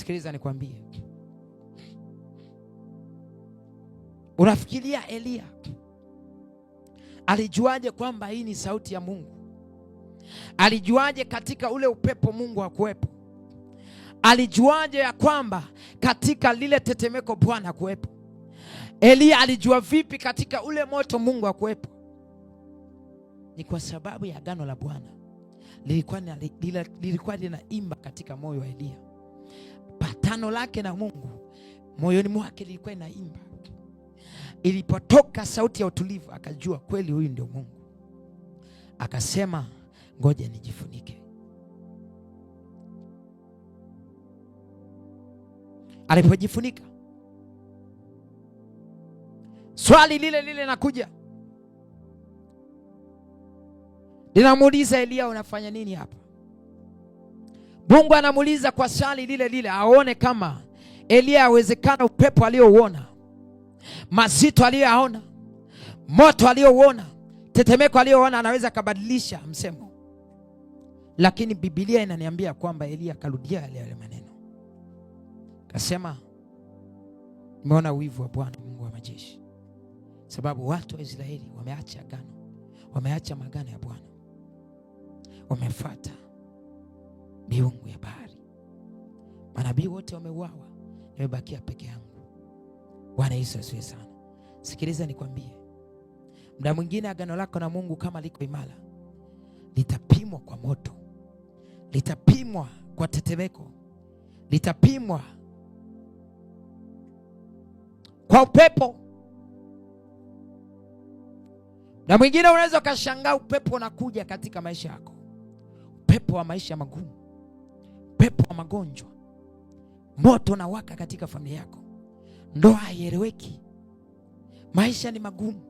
Sikiliza nikwambie, unafikiria Eliya alijuaje kwamba hii ni sauti ya Mungu? Alijuaje katika ule upepo Mungu hakuwepo? Alijuaje ya kwamba katika lile tetemeko Bwana akuwepo Eliya alijua vipi katika ule moto Mungu akuwepo Ni kwa sababu ya agano la Bwana lilikuwa lilikuwa linaimba katika moyo wa Eliya agano lake na Mungu moyoni mwake lilikuwa inaimba. Ilipotoka sauti ya utulivu, akajua kweli huyu ndio Mungu, akasema ngoja nijifunike. Alipojifunika, swali lile lile nakuja linamuuliza Eliya, unafanya nini hapa? Mungu anamuuliza kwa swali lile lile, aone kama Eliya awezekana upepo aliyouona, mazito aliyoyaona, moto aliyouona, tetemeko aliyoona anaweza akabadilisha msemo. Lakini Biblia inaniambia kwamba Eliya akarudia yale yale maneno, kasema, nimeona wivu wa Bwana Mungu wa majeshi, sababu watu wa Israeli wameacha agano, wameacha maagano ya Bwana, wamefuata miungu ya bahari. Manabii wote wameuawa, nimebakia peke yangu. Bwana Yesu asifiwe sana. Sikiliza nikwambie, mda mwingine agano lako na Mungu kama liko imara litapimwa kwa moto, litapimwa kwa tetemeko, litapimwa kwa upepo. Na mwingine unaweza ukashangaa upepo unakuja katika maisha yako, upepo wa maisha magumu kwa magonjwa, moto na waka katika familia yako, ndoa haieleweki, maisha ni magumu,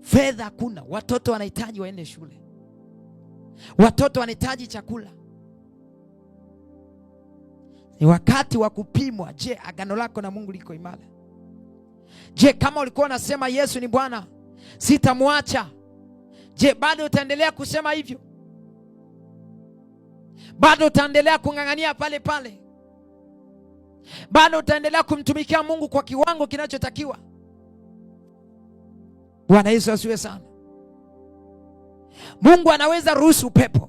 fedha hakuna, watoto wanahitaji waende shule, watoto wanahitaji chakula. Ni wakati wa kupimwa. Je, agano lako na Mungu liko imara? Je, kama ulikuwa unasema Yesu ni Bwana, sitamwacha, je, bado utaendelea kusema hivyo? bado utaendelea kung'ang'ania pale pale, bado utaendelea kumtumikia Mungu kwa kiwango kinachotakiwa. Bwana Yesu asiwe sana. Mungu anaweza ruhusu upepo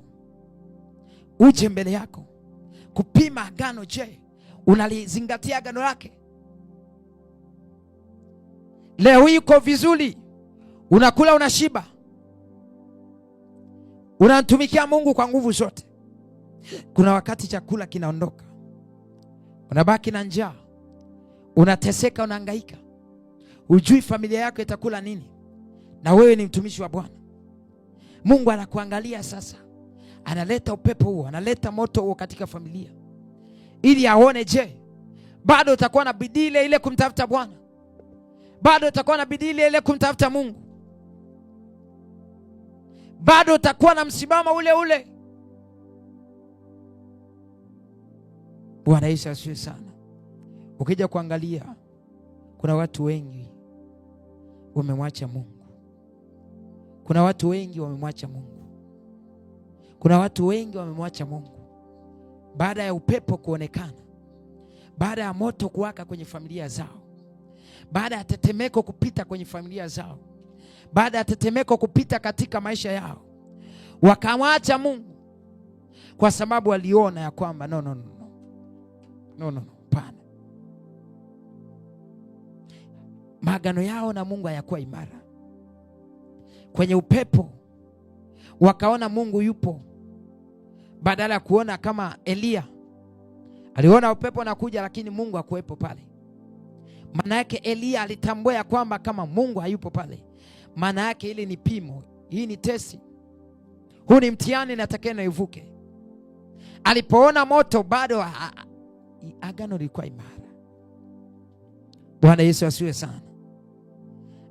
uje mbele yako kupima agano. Je, unalizingatia agano lake? Leo hii uko vizuri, unakula unashiba, unamtumikia Mungu kwa nguvu zote, kuna wakati chakula kinaondoka, unabaki na njaa, unateseka, unahangaika, hujui familia yako itakula nini, na wewe ni mtumishi wa Bwana. Mungu anakuangalia sasa, analeta upepo huo, analeta moto huo katika familia ili aone, je, bado utakuwa na bidii ile ile kumtafuta Bwana? Bado utakuwa na bidii ile ile kumtafuta Mungu? Bado utakuwa na msimamo ule ule Bwana Yesu asifiwe sana. Ukija kuangalia kuna watu wengi wamemwacha Mungu, kuna watu wengi wamemwacha Mungu, kuna watu wengi wamemwacha Mungu baada ya upepo kuonekana, baada ya moto kuwaka kwenye familia zao, baada ya tetemeko kupita kwenye familia zao, baada ya tetemeko kupita katika maisha yao, wakamwacha Mungu kwa sababu waliona ya kwamba no, no, no. No, no, no, pana. Maagano yao na Mungu hayakuwa imara. Kwenye upepo wakaona Mungu yupo, badala ya kuona kama Eliya aliona upepo nakuja lakini Mungu hakuwepo pale. Maana yake Eliya alitambua ya kwamba kama Mungu hayupo pale, maana yake hili ni pimo, hii ni tesi, huu ni mtihani, natakiwa ivuke Alipoona moto bado agano lilikuwa imara. Bwana Yesu asiwe sana.